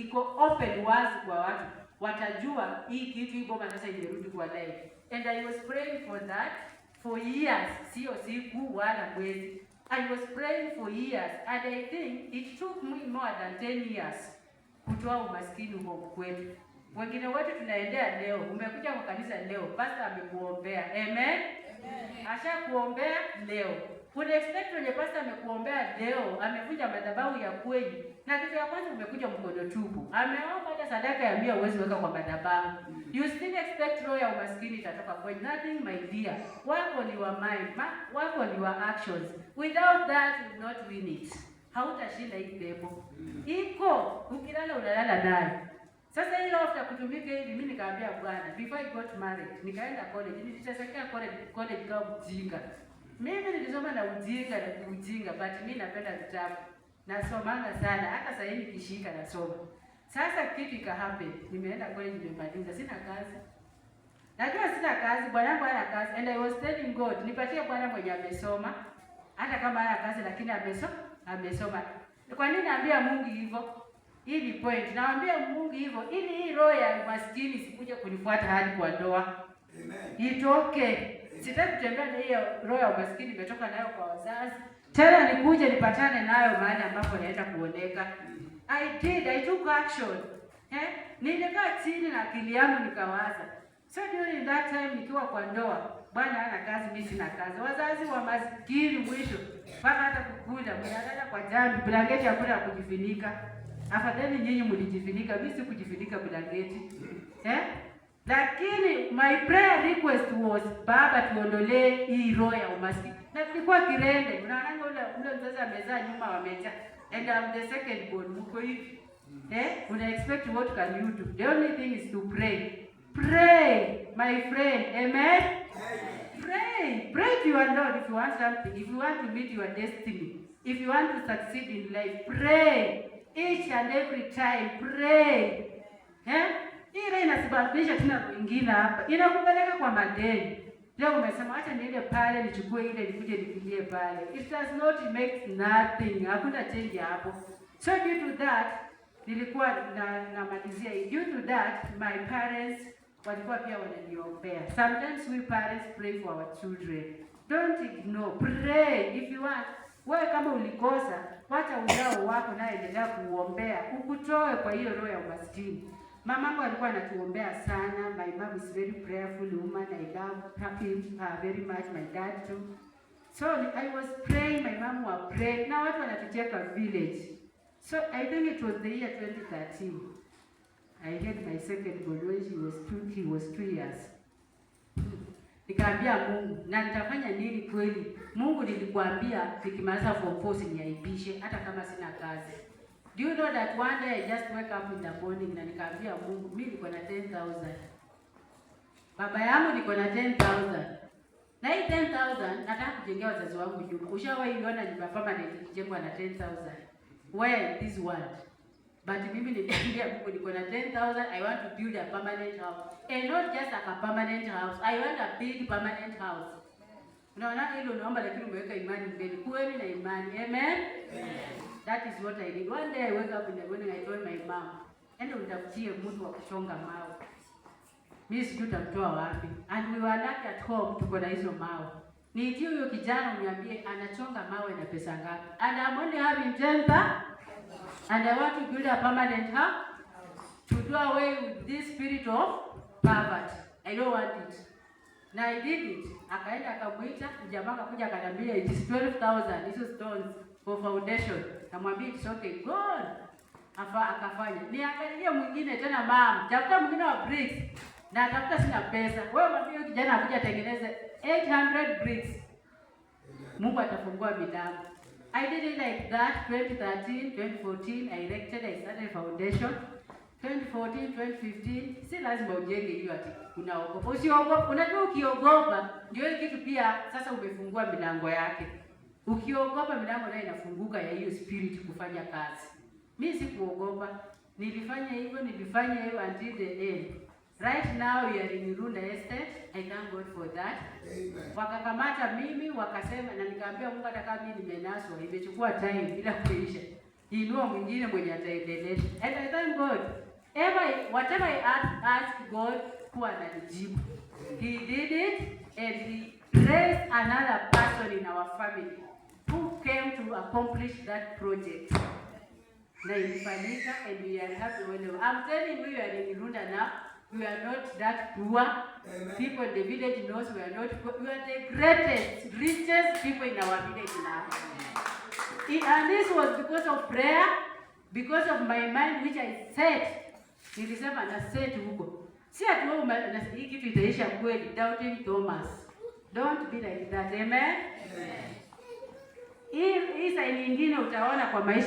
iko open wazi kwa watu, watajua hii kitu iko sasa imerudi kwa life. And I was praying for that for years, sio siku wala mwezi. I was praying for years and I think it took me more than 10 years kutoa umaskini huo kwetu. Wengine wote tunaendea leo, umekuja kwa kanisa leo, pastor amekuombea. Amen. Amen. Ashakuombea leo. Kuna expect wenye pasta amekuombea leo, amekuja madhabahu ya kweli. Na kitu ya kwanza umekuja mkono tupu. Ameomba hata sadaka ya mia uwezi weka kwa madhabahu. You still expect roho ya umaskini itatoka kwa nothing my dear. Wako ni wa mind, ma, wako ni wa actions. Without that you not win it. Hautashinda hii pepo. Iko ukilala unalala nayo. Sasa hilo after kutumika hivi mimi nikaambia Bwana, before I got married, nikaenda college, nilitesekea college, college kama mjinga. Mimi nilisoma na ujinga na ujinga, but mimi napenda vitabu. Nasomanga sana, hata sasa hivi nikishika nasoma. Sasa kitu ika happen, nimeenda kule nimemaliza, sina kazi. Najua sina kazi, bwana wangu ana kazi and I was telling God, nipatie bwana mwenye amesoma hata kama ana kazi lakini amesoma, amesoma. Kwa nini naambia Mungu hivyo? Hii ni point. Naambia Mungu hivyo ili hii roho ya maskini sikuje kunifuata hadi kwa ndoa. Amen. Itoke. Sitaki kutembea na hiyo roho ya umaskini imetoka nayo kwa wazazi. Tena nikuje nipatane nayo mahali ambapo naenda kuoneka. I did, I took action. Eh? Nilikaa chini na akili yangu nikawaza. So during that time nikiwa kwa ndoa, bwana ana kazi, mimi sina kazi. Wazazi wa maskini mwisho. Mpaka hata kukula, mnalala kwa jambi, blanketi hakuna kujifunika. Afadhali nyinyi mlijifunika, mimi sikujifunika blanketi. Eh? lakini my prayer request was Baba, tuondolee hii roho ya umaskini. Na tulikuwa kirende, unaona ule ule mzazi amezaa nyuma wameja, and I'm the second born, mko hivi mm. eh, una expect what can you do? The only thing is to pray, pray my friend, amen. Pray, pray to your Lord if you want something, if you want to meet your destiny, if you want to succeed in life, pray each and every time, pray eh ile inasababisha tena mwingine hapa, inakupeleka kwa madeni. Leo umesema acha niende pale nichukue ile nikuje nipigie pale, it does not make nothing, hakuna change hapo. So due to that nilikuwa na namalizia, due to that my parents walikuwa pia wananiombea. Sometimes we parents pray for our children, don't ignore, pray if you want wewe kama ulikosa, wacha uzao wako naye endelea kuombea. ukutoe kwa hiyo roho ya umaskini. Mamangu alikuwa anatuombea sana. My mom is very prayerful woman. I love happy uh, very much my dad too. So I was praying, my mom was praying. Na watu wanatucheka village. So I think it was the year 2013. I had my second boy when she was two, he was two years. Nikaambia Mungu, na nitafanya nini kweli? Mungu nilikwambia nikimaliza form four siniaibishe hata kama sina kazi. Do you know that one day I just wake up in the morning na nikaambia Mungu mimi niko na 10000. Baba yangu niko na 10000. Na hii 10000 nataka kujengea wazazi wangu nyumba. Ushawahi kuona nyumba permanent ikijengwa na 10000? Where is this world. But mimi niliambia Mungu niko na 10000, I want to build a permanent house. And not just like a permanent house. I want a big permanent house. Unaona hilo unaomba lakini umeweka imani mbele. Kuweni na imani. Amen. Amen. That is what I did. One day I woke up in the morning, I told my mom, yaani unitafutie mtu wa kuchonga mawe. Mimi sijui utamtoa wapi. And we were lucky at home tuko na hizo mawe. Niitie huyo kijana uniambie anachonga mawe na pesa ngapi. And I'm only having temper. And I want to build a permanent house to do away with this spirit of poverty. I don't want it. Na I did it. Akaenda akamuita, jamaa akakuja akaniambia it is 12,000 hizo stones for foundation. Kamwambia it's okay. God afa akafanya. Niangalie mwingine tena mama. Tafuta mwingine wa bricks. Na tafuta sina pesa. Wewe mwambie kijana akuja atengeneze 800 bricks. Mungu atafungua milango. I did it like that 2013, 2014 I erected a certain foundation. 2014, 2015 si lazima ujenge hiyo ati unaogopa. Usiogopa. Unajua ukiogopa ndio hiyo kitu pia sasa umefungua milango yake. Ukiogopa milango nayo inafunguka ya hiyo spirit kufanya kazi. Mimi sikuogopa. Nilifanya hivyo, nilifanya hivyo until the end. Right now we are in Runda Estate. I thank God for that. Amen. Wakakamata mimi wakasema na nikaambia Mungu hata kama mimi nimenaswa, imechukua time bila kuisha. Inua mwingine mwenye ataendelea. And I thank God. Ever whatever I ask, ask God kuwa ananijibu. He did it and he raised another person in our family came to accomplish that project na ilifanyika and we are happy when I'm telling you we are in Runda now we are not that poor Amen. people in the village knows we are not poor. we are the greatest richest people in our village now it, and this was because of prayer because of my mind which I set nilisema na set huko si hii kitu itaisha kweli doubting Thomas don't be like that Amen, Amen hii hii saini nyingine utaona kwa maisha